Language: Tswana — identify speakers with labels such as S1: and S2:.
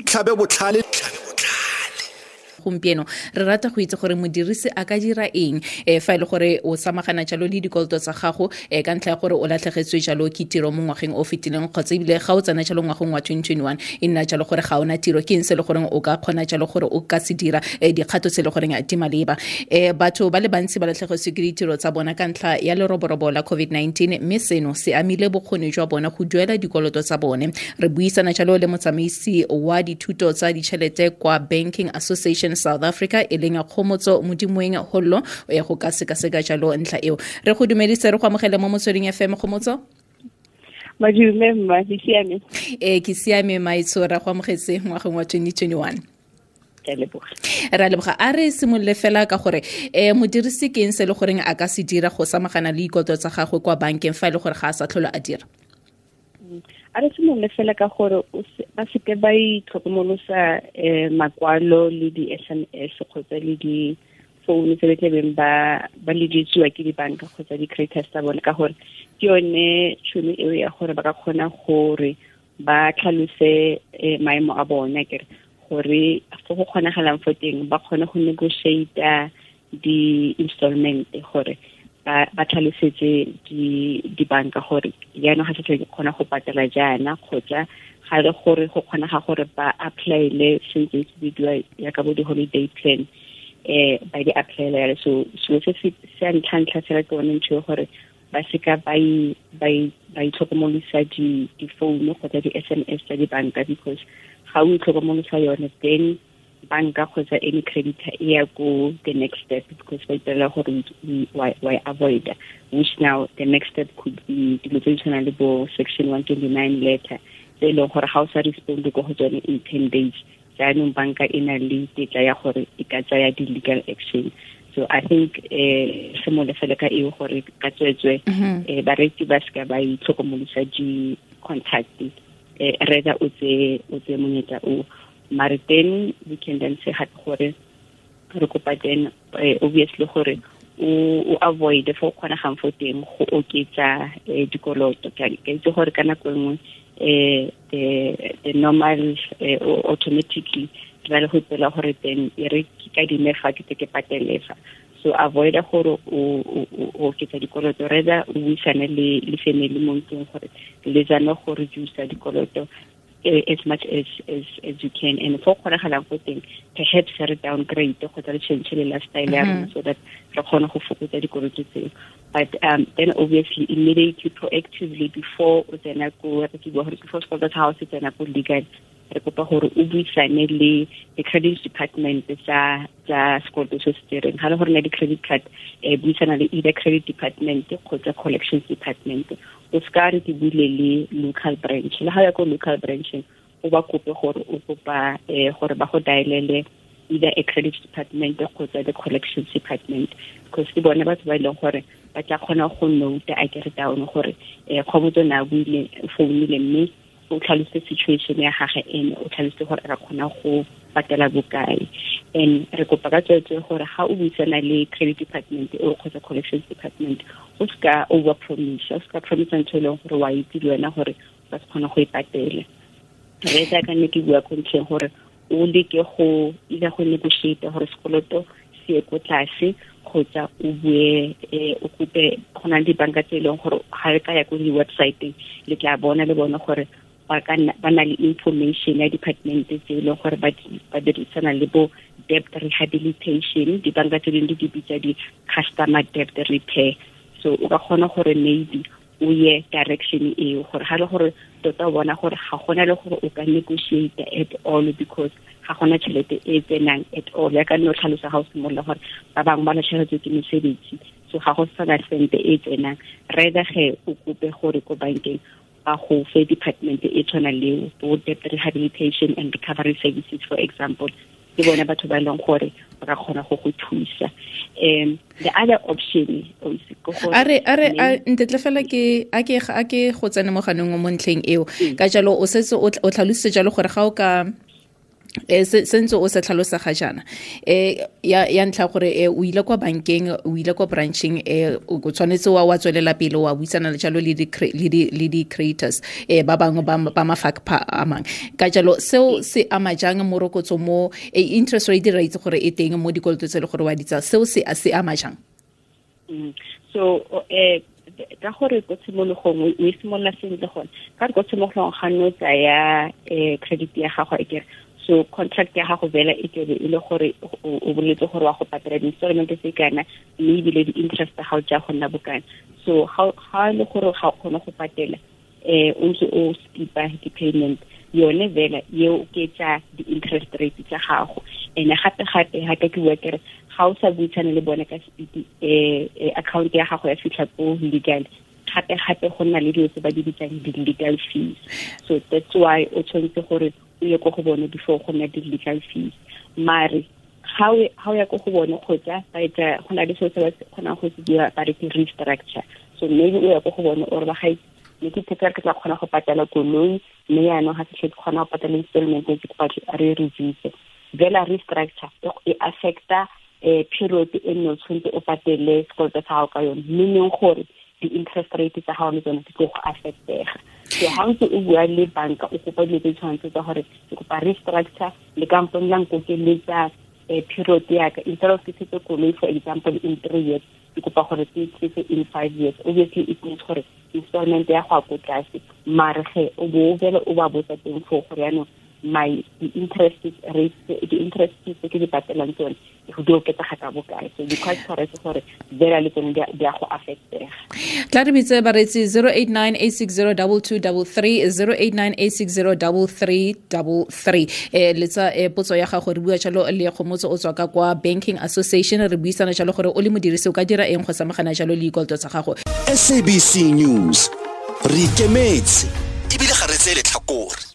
S1: itlhabe botlhale segompieno re rata go itse gore modirisi a ka dira eng um fa e le gore o samagana jalo le dikoloto tsa gago um ka ntlha ya gore o latlhegetswe jalo ke tiro mo ngwageng o fetileng kgotsa ebile ga o tsena jalo ngwageng wa twenty twenty one e nna jalo gore ga ona tiro ke eng se e le goreng o ka kgona jalo gore o ka se dira um dikgato tse e le goreng di maleba um batho ba le bantsi ba latlhegetswe ke ditiro tsa bona ka ntlha ya leroborobo la covid-19 mme seno se amile bokgoni jwa bona go duela dikoloto tsa bone re buisana jalo le motsamaisi wa dithuto tsa ditšhelete kwa banking association south africa e leng kgomotso modimoeng hollo o ya go ka sekaseka jalo ntlha eo re go dumedise re go amogele mo motsweding fm kgomotso madume ke siame e, ke siame maitsho ra go amogetse ngwageng wa 2021 re a leboga a re simolole fela ka gore um modirisi ke eng se e le goreng a ka se dira go samagana le ikoto tsa gagwe kwa bankeng fa e le gore ga a sa tlholo a dira
S2: a re se mo lefele ka gore ba seke ba itlhokomolosa um makwalo le di-sms kgotsa le di-phone tse ba tlebeng ba le ditsiwa ke dibanka kgotsa di-creators tsa bone ka gore ke yone tšhono eo ya gore ba ka kgona gore ba tlhalose eh, maemo a bona kere gore fo go kgonagalang fo teng ba kgone go negotiata di-installment gore ba ba tlhalosetse di di banka gore ya no ga se ke kgona go patela jana kgotsa ga le gore go kgona ga gore ba apply le se se bidiwa ya ka bo di holiday plan eh ba di apply ya so so se se se ntlha ntlha se re tsone ntse gore ba se ka ba i ba i ba itlhokomolisa di di phone kgotsa di SMS tsa di banka because ga o itlhokomolisa yone then banka kgotsa any creditor e ya go the next step because ba ipelela gore wa avoid which now the next step could be dilo tse di tshwana le bo section one twenty nine letter tse e leng gore ga o sa respond ko go tsone in ten days jaanong banka e na le tetla ya gore e ka tsaya di-legal action so i think eh se mo lefele ka eo gore ka tswetswe mm-hmm. eh bareki ba seka ba itlhokomolosa di-contact eh rather o tse monyetla o mare then we can then say gape gore re kopa then obviously gore o avoid fo kgonegang fo teng go oketsa dikoloto ka itse gore kana nako mo um the normal automatically ke ba le go ipela gore then e re ka dime fa ke ke patelefa so avoid gore o oketsa dikoloto reda o buisane le family mo ntlong gore le jana go reduce dikoloto as much as as as you can and for kgonagalang go teng perhaps re downgrade kgotsa re change le lifestyle ya rona mhm. so that re kgone go fokotsa dikoloto tseo but um, then obviously immediately proactively before o tsena go, re ke go gore before scolters house o tsena go legal re kopa gore o buisane le the credit department tsa tsa sekoloto se se tsereng ga le gore na di-credit card um buisana le either credit department kgotsa collections department o seka re ke buile le local branch le ga ya ko local branching o ba kope gore o kopa um gore ba go dialele either a credit department kgotsa the collections department because ke bone batho ba e leng gore ba tla kgona go note a kere taone gore um kgomotso o ne a buile founile mme o tlhalose situation ya gage ene o tlhalose gore re kgona go patela bokae and re kopa ka tswetse gore ga o buisana le credit department o kgotsa collections department o seka over promise o seka promise ntho e leng gore wa itse le wena gore ba se kgona go e patele re tsa ka nne ke bua ko ntlheng gore o leke go ile go negotiate gore sekoloto se ye ko tlase kgotsa o bue eh, o kope go na le dibanka tse e leng gore ga e ka ya ko di-websiteng le tla bona le bone gore ba na le information ya department tse e leng gore ba dirisana le bo debt rehabilitation dibanka tse dingwe di bitsa di-customer debt repair so o ka kgona gore maybe o ye direction eo gore ga le gore tota bona gore ga gona le gore o ka negotiate at all because ga gona tšhelete e e tsenang at all ya ka nne o tlhalosa ga o simolola gore ba bangwe ba latšheletswe ke mesebetsi so ga go sana sente e e tsenang rather ge o kope gore ko bankeng ka go fe department e tshwana le bo debt rehabilitation and recovery services for example ke bone batho ba leng gore ba ka kgona go go thusa um the other option oh, are are
S1: ntetle fela ke a ke a ke go tsene mo ganong mo ntlheng eo mm. ka jalo o setse o tlhalositse jalo gore ga o ka e se ntse o se tlhalosa ga jaana um ya ntlha gore eh, o ile kwa bankeng o ile kwa branching o tshwanetse wa wa tswelela pele wa buisana le jalo le di-creators um ba bangwe ba mafacpa a mangwe ka jalo seo se ama jang morokotso mo interest rate ra itse gore e teng mo dikoloto tse e le gore wa di tsaya seo se ama jang mm,
S2: so ka gore ko tshimologong o e simolola sentle gone ka re ko tshimologong ga nne tsaya um credit ya gago e kere so contract ya gago fela e tlebe e le gore o boletse gore wa go patela di-installment tse kana mme ebile di-interest ga o ja go nna bokana so ga le gore ga o kgone go patela um o ntse o skipa di-payment yone fela yeo ke tsa di-interest rate tsa gago and gape-gape ga ka ke bua kere ga o sa buisane le bone ka speed um account ya gago ya fitlha ko legal gape-gape go nna le dilo tse ba di bitsang di-legal fees so that's why o tshwanetse gore E o ye go bone before go na di legal fees mare ga e, o ya ko go bone kgotsa baetsa e go na le seo se ba kgonang go se dira ba reke restructure so maybe o ya ko go bone ore ba ga ne ke thetsa ke tla kgona go patela koloi mme yaanong ga setlhe ke kgona go patela installment tse ke re reduce vela restructure e affecta um period e nne o tshwanetse o patele sekoloto sa gago ka yone meaning gore di-interest rate tsa how le tsone di tle go affectega so ga ntse o bua le banka o kopa dilo tse tshwanetse tsa gore ke kopa restructure le kampong la nkokeletsa um period yaka instead of ke koloi for example in three years ke kopa gore ke in five years obviously it means gore installment ya go a ko tlase maare ge o bo o fele o ba botsa teng foo gore my interest is the interest is the department zone ho do ke tsaka bo kae so because for us for vera le tonga de a go affect
S1: Claro mi tsaba re tsi 089860223 089860333 eh letsa eh potso ya gago re bua jalo le go motse o tswa ka kwa banking association re buisana jalo gore o le modirisi o ka dira eng go samagana jalo le ikolto tsa gago SABC news re kemetse e bile ga re tsele tlhakore